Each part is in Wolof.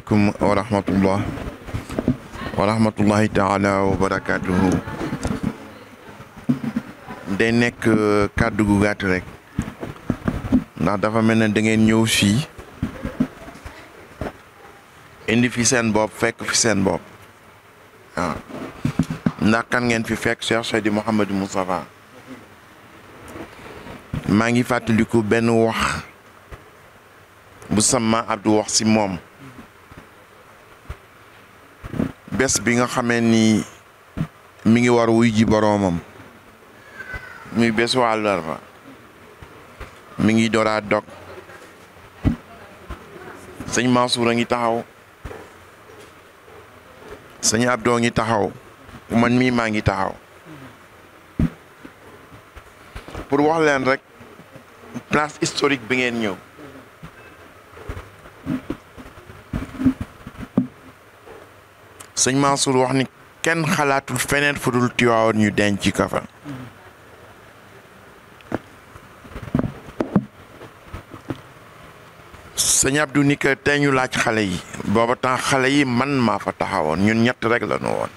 aleykum wa rahmatullah wa rahmatullahi taala wa barakatuhu day nekk kàddu gu gàtt rek ndax dafa melne da ngeen ñew fi indi fi sen bop fekk fi sen bop ndax kan ngeen fi fekk Cheikh saidi mohammed mustafa ngi ko ben wax bu sama Abdou wax ci mom bes bi nga xamé ni mi ngi war wuy ji boroomam muy bés waa ba mi ngi dora dok señ Mansour nga taxaw señ abdo nga taxaw man mi ma nga taxaw pour wax len rek place historique bi ngeen ñew sëñ Mansour wax ni kenn xalaatul feneen fu dul ñu denc ka fa sëñ Abdou ni tey ñu laaj xale yi booba temps xale yi man maa fa taxawoon ñun ñett rekk la ñu woon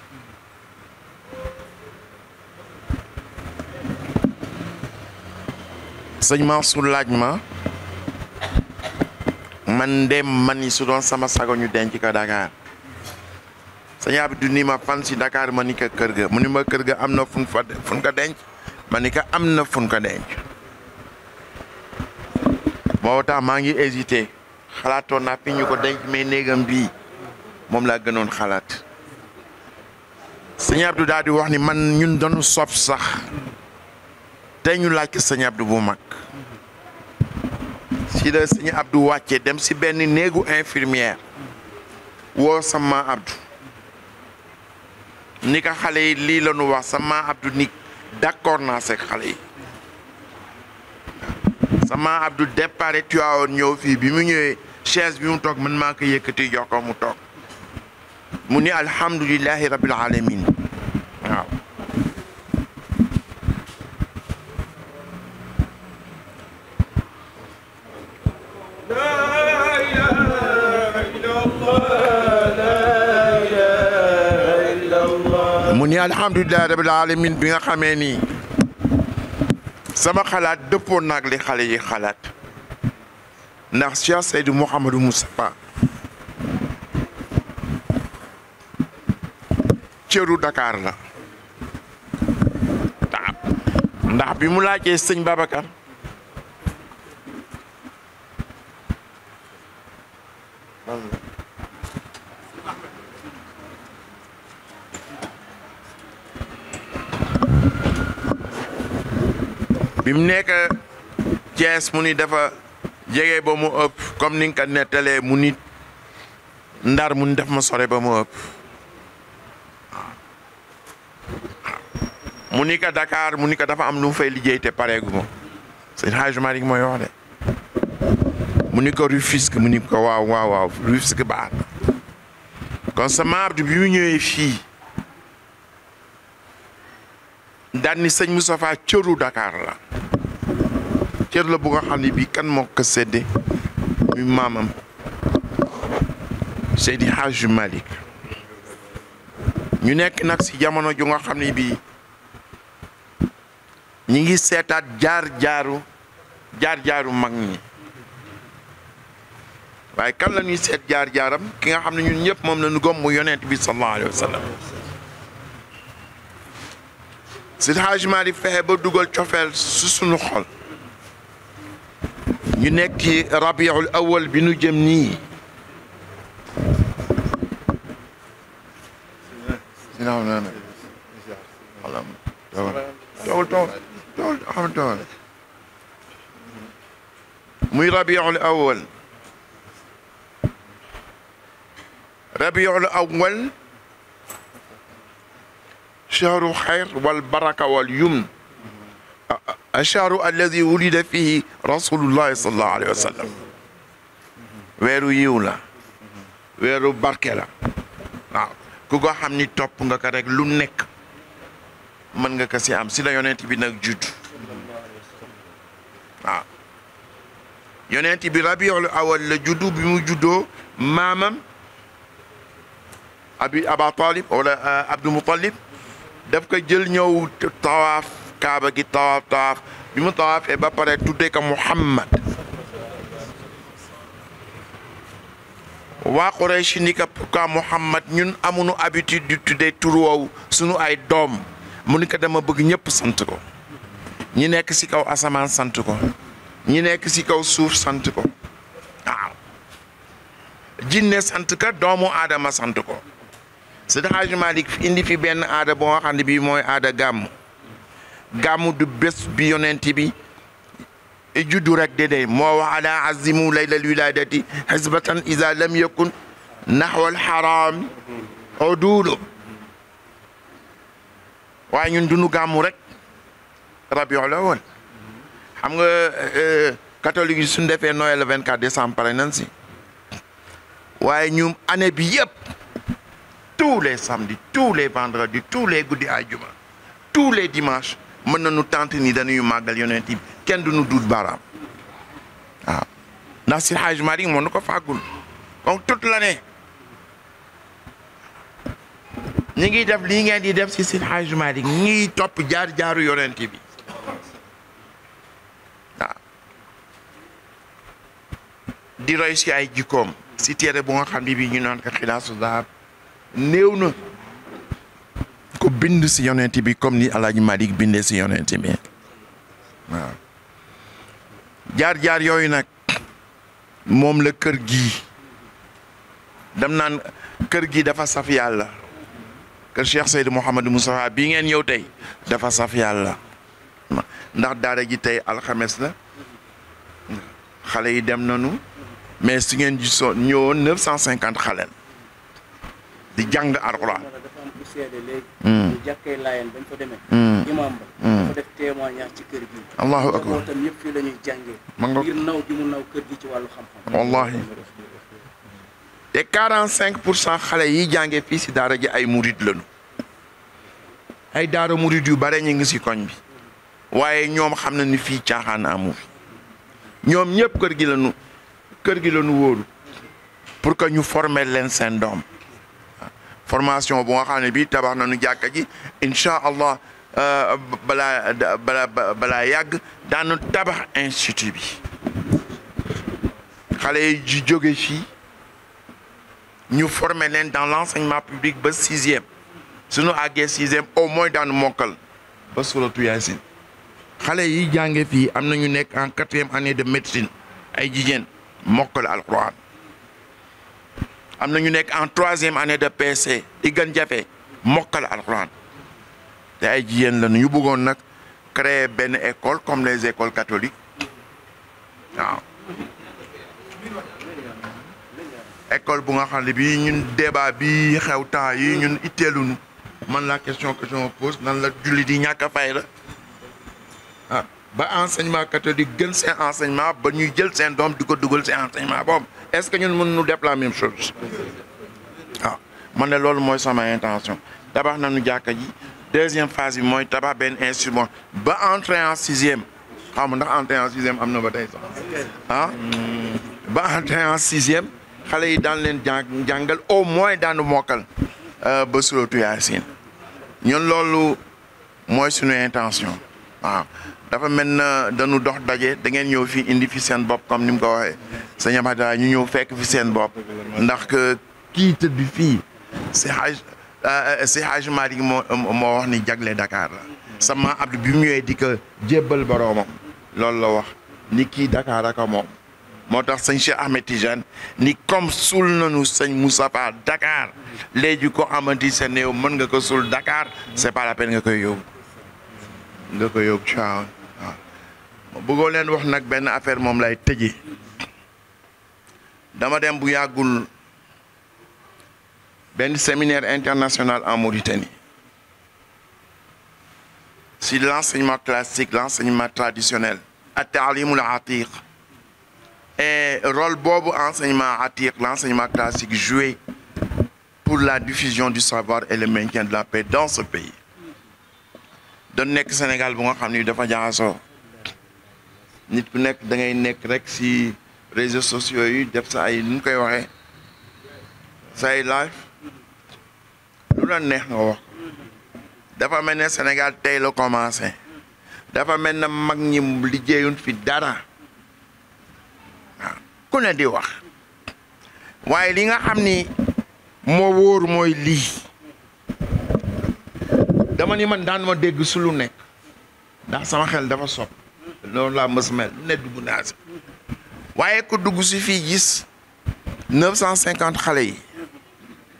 sëñ su laaj ma man dem man yi su doon sama sago ñu denc ko Dakar sanya abdu ni ma fan si Dakar manika ni ko ga ma ga am na fun fa fun ko denc manika amna ko fun ko denc moo tax ngi hésité xalaatoon na fi ko denc xalaat sanya Abdou dadi wax ni man ñun doon sob sax tey ñu laaj sanya Abdou bu mak si da sanya Abdou wacce dem si ben negu infirmière wo sama Abdou ni ko xale yi lii la ñu wax sama Abdou ni d'accord naa seeg xale yi sama Abdou départ Tiwaawoon ñëw fii bi mu ñëwee chaise bi mu toog mën maa ko yëkkati jox ko mu toog mu ni alhamdulillahi rabbil alamin alhamdulilah rabil alamin bi nga xamee nii sama xalaat dëppoon nag li xale yi xalaat ndax Cheikh Seydou Mouhamadou Moustapha cëru dakaar la ndax bi mu laajee sëñ Babacar bi mu nekk Thiès mu ni dafa jege ba mu ëpp comme ni nga ko nettalee mu nit ndar mu ni def ma sore ba mu ëpp mu ni ko Dakar mu ni ko dafa am lu fay liggéey te pareegu ma sëñ Hadj Malick mooy wax de mu ni ko Rufisque mu ni ko waaw waaw waaw Rufisque baax na kon sama abdu bi mu ñëwee fii daan ni sëñ Moustapha cëru Dakar la cër la bu nga xam ne bii kan moo ko séddee muy maamam Seydi Hadj Malick ñu nekk nag ci jamono ju nga xam ne bii ñu ngi seetaat jaar jaaru jaar jaaru mag ñi waaye kan la ñuy seet jaar jaaram ki nga xam ne ñun ñëpp moom la ñu mu yonent bi sallallahu alayhi wa sallam fexe ba dugal cofeel su sunu xol ñu nekk ci rabiul awal bi nu jëm nii muy rabiul awal rabiul awal shahru xayr wal baraka wal yumn الشهر الذي ولد فيه رسول الله صلى الله عليه وسلم weeru yiw la weeru barke la waaw ku ko xam ni topp nga ko rek lu nekk mën nga ko si am si la yonent bi nag judd waaw yonent bi rabiul awal la juddu bi mu juddoo maamam abi aba talib wala abdou moutalib daf ko jël ñëw tawaaf kaaba gi tawaf tawaf bi mu e ba pare ko Muhammad Wa Quraysh ni ka Muhammad ñun amunu habitude di tuddee tur wo suñu ay dom. mu ni ka dama bëgg ñëpp sant ko ñi nekk ci kaw asaman sant ko ñi nekk ci kaw suuf sant ko jinne sant ka doomu adama sant ko indi fi ben ada bo xandi bi moy ada gàmmu du bes bi yonent bi juddu rek de mo wa ala azimu layla wiladati hizbatan iza lam yakun naxwal xaraami oduulo waaye ñun dunu gàmmu rek Ils ont xam nga euh, catholique suñ Noël 24 décembre par exemple waye ñum année bi tous les samedis tous les vendredis tous les goudi tous les dimanches mën nañu tenter ni dañuy màggal yonent bi kenn du ñu duut baaraam waaw ndax si Hajj Mari moo nu ko fàggul donc toute l'année ñi ngi def lii ngeen di def si si Hajj Mari ñi ngi topp jaar jaaru yonent bi waaw di roy ay jikoom si téere bu nga xam ne bi ñu naan ko xilaasu dahab néew na bind si yonent bi comme ni El Hadj bindee si yonent bi jaar-jaar yooyu nag moom la kër gi dem naan kër gi dafa saf yàlla kër Cheikh Seydou Mouhamadou Moustapha bii ngeen ñëw tey dafa saf yàlla ndax daara ji tey alxemes la xale yi dem nanu mais su ngeen gisoon ñëwoon neuf cinquante xale di jàng alxuraan seede léegi ñu jàkkee laayeen bañ fa demee imam ba dafa def témoignage ci kër gi allahu akbar tam fii la ñuy jàngee ngir naw mu naw kër gi ci wàllu xam-xam wallahi 45 ya, pour cent xale yi jàngee fii si daara ji ay murid lañu ay daara murid yu bare ñu ngi si koñ bi waaye ñoom xam na ni fii caaxaan amu ñoom ñëpp kër gi lañu kër gi lañu wóoru pour que ñu former leen seen doom formation bu nga xam bi tabax nañu jàkka ji incha allah euh, balaa balaa balaa yàgg daanu tabax institut bi xalé yi ji jóge fii ñu former leen dans l'enseignement public ba 6e sixième suñu 6e au moins dans mokkal ba suratu yasin xalé yi jànge fi amna ñu nekk en 4e année de médecine ay jigéen mokkal alcorane amna ñu nek en troisième année de PC di gën jafe mokkal alcorane té ay jigéen la ñu bëggoon nak créer ben école comme les écoles catholiques école bu nga xam bi ñun débat bi xew temps yi ñun itteeluñu man la question que je me pose nan la jullit di ñaka fay la ah ba enseignement catholique gën enseignement ba ñuy jël sen doom enseignement est-ce que nous mën la même chose ah, man que lool moy sama intention tabax nañu jaaka ji deuxième phase bi moy tabax ben instrument ba en sixième ndax entrée en 6ème, vous ba sax ah ba entrée en sixième xalé yi dañ leen au moins dans mokkal euh, ba suratu Yaasin ñun intention waaw dafa mel na dañu dox daje da ngeen ñëw fi indi fi seen bopp comme ni mu ko waxee sëñ Abada ñu ñëw fekk fi seen bopp ndax kii tëdd fii si xaj si xaj Malick moo moo wax ni jagle Dakar la sama Abdou bi mu ñëwee di que jébbal boroomam loolu la wax ni kii Dakar ak moom moo tax sëñ Cheikh Ahmed Tidiane ni comme suul nañu sëñ Moustapha Dakar léegi ko amati sa néew mën nga ko sul Dakar c'est pas la peine nga koy yóbbu nga ko yóbbu waaw wax affaire lay dama dem bu séminaire international en Mauritanie si l'enseignement classique l'enseignement traditionnel at atiq et rôle de enseignement atiq l'enseignement classique joué pour la diffusion du savoir et le maintien de la paix dans ce pays doon nekk Sénégal bu nga xam ni dafa jaxasoo nit ku nekk dangay nekk rek si réseaux sociaux yi def sa ay nu koy waxe sa ay live lu la neex nga wax dafa mel ne Sénégal tey la commencé dafa mel ne mag ñi liggéeyun fi dara waaw ku ne di wax waaye li nga xam ni moo wóor mooy lii dama ni man daan ma dégg su lu sama xel dafa sopp loolu laa mës mel lu ne dugg naa si waaye ku dugg si gis neuf cent cinquante xale yi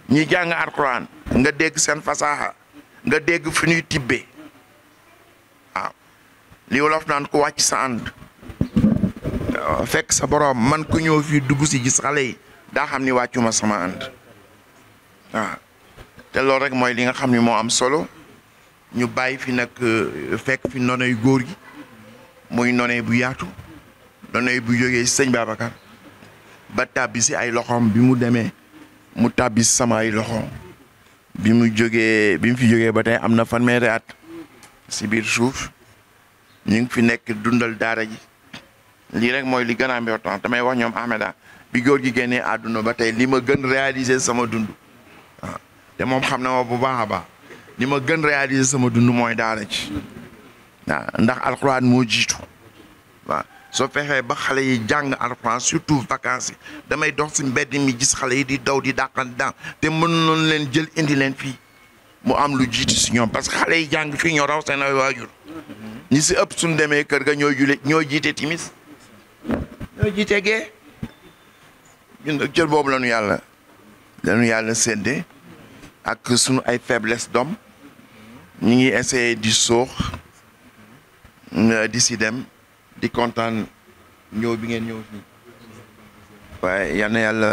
ñi jàng alxuraan nga dégg seen fasaaxa nga dégg fi ñuy tibbee waaw li wolof sa sa man ku ñëw fii dugg si gis xale yi daa xam ni wàccuma sama ànd waaw te loolu rek mooy li nga am solo ñu bàyyi fi nag euh, fekk fi noney góor gi muy noney bu yaatu noney bu jógee sëñ Babacar ba tàbbi si ay loxoom bi mu demee mu tàbbi sama ay loxoom bi mu jógee bi mu fi jógee ba tey am na fanweeri at si biir suuf ñu ngi fi nekk dundal daara ji lii rek mooy li gën a am important damay wax ñoom Ahmeda bi góor gi génnee àdduna ba tey li ma gën réaliser sama dund te moom xam na ma bu baax a baax. li ma gën réaliser sama dund mooy daara ci waaw ndax alxuraan moo jiitu waaw soo fexee ba xale yi jàng alxuraan surtout vacances yi damay dox si mbedd mi gis xale yi di daw di dàqan daan te mënoon leen jël indi leen fii mu am lu jiitu si ñoom parce que xale yi jàng fii ñoo raw seen ay waajur ñi si ëpp suñ demee kër ga ñoo jule ñoo jiite timis ñoo jiite gee ñun nag cër boobu la ñu yàlla la ñu yàlla sedde ak sunu ay faiblesse d'homme ñi ngi essayer di soox di si dem di contane ñëw bi ngeen ñëw fi waaye yal na yàlla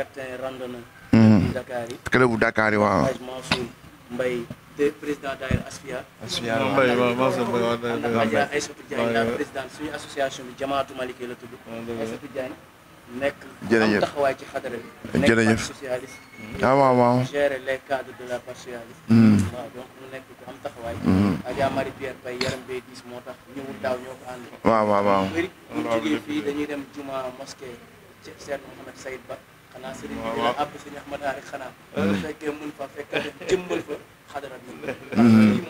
këlëbu mm-hmm. Dakar yi waaw Mbaye de président daayira Asfiya. Asfiya waaw Mbaye waaw maa sa waaw. Adja Aïssatou Diagne la président suñu association bi Jamaatu Malike la tudd. Aïssatou Diagne. nekk am taxawaay ci xadara bi. jërëjëf socialiste. ah waaw waaw gérer les cadres de la partie socialiste. Hmm. waaw donc mu nekk ku am taxawaay. Hmm. Adja Marie Pierre Paye yaram bay diis moo tax ñëwul daaw ñoo ko ànd. waaw waaw waaw. bu ñu jógee fii dañuy dem juma mosquée Cheikh Mohamed Saïd Ba. xanaa sëriñ bi dina àbb bu mm-hmm. fekkee mën fa fekk jëmbal fa mm-hmm.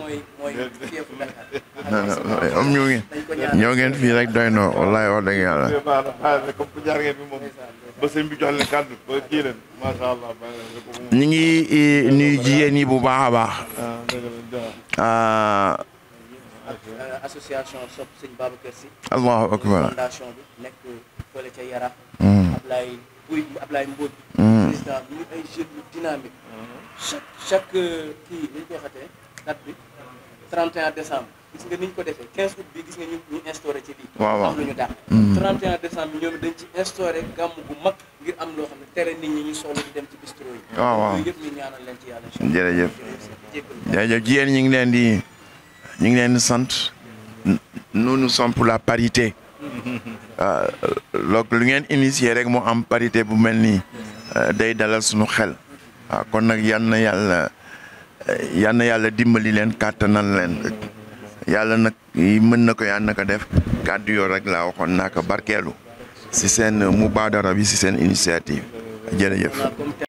ngeen fii rek doy na wallaay wax dëgg ngi eh, nuyu jigéen yi bu baax a baax ah, ah. euh, association Sopp Boy Ablaye Mbodj. Mm. président bi ñu ay jeunes yu dynamique. Mm-hmm. chaque chaque euh, kii li ñu koy xatee date bi 31 décembre gis nga ni ñu ko defee 15 août bi gis nga ñu ñu instauré ci lii. waaw waaw am lu ñu mm. ñoom dañ ci instauré gàmm bu mag ngir am loo xam ne tere nit ñi ñu soxla di dem ci bistro yi. waaw waaw yooyu yëpp ñu jigéen ñi ngi leen di ñu ngi leen di sant. nous somp la parité. Mm-hmm. Euh, loog lu ngeen initier rek mu am parité bu mel nii euh, day dalal suñu xel waaw kon nag yal na yàlla euh, yal na yàlla dimbali leen kàttanal leen yàlla nag mën na ko yal na ko def kàddu yoo rek laa waxoon naa ko barkeelu si seen mubaadara bi si seen initiative jërëjëf.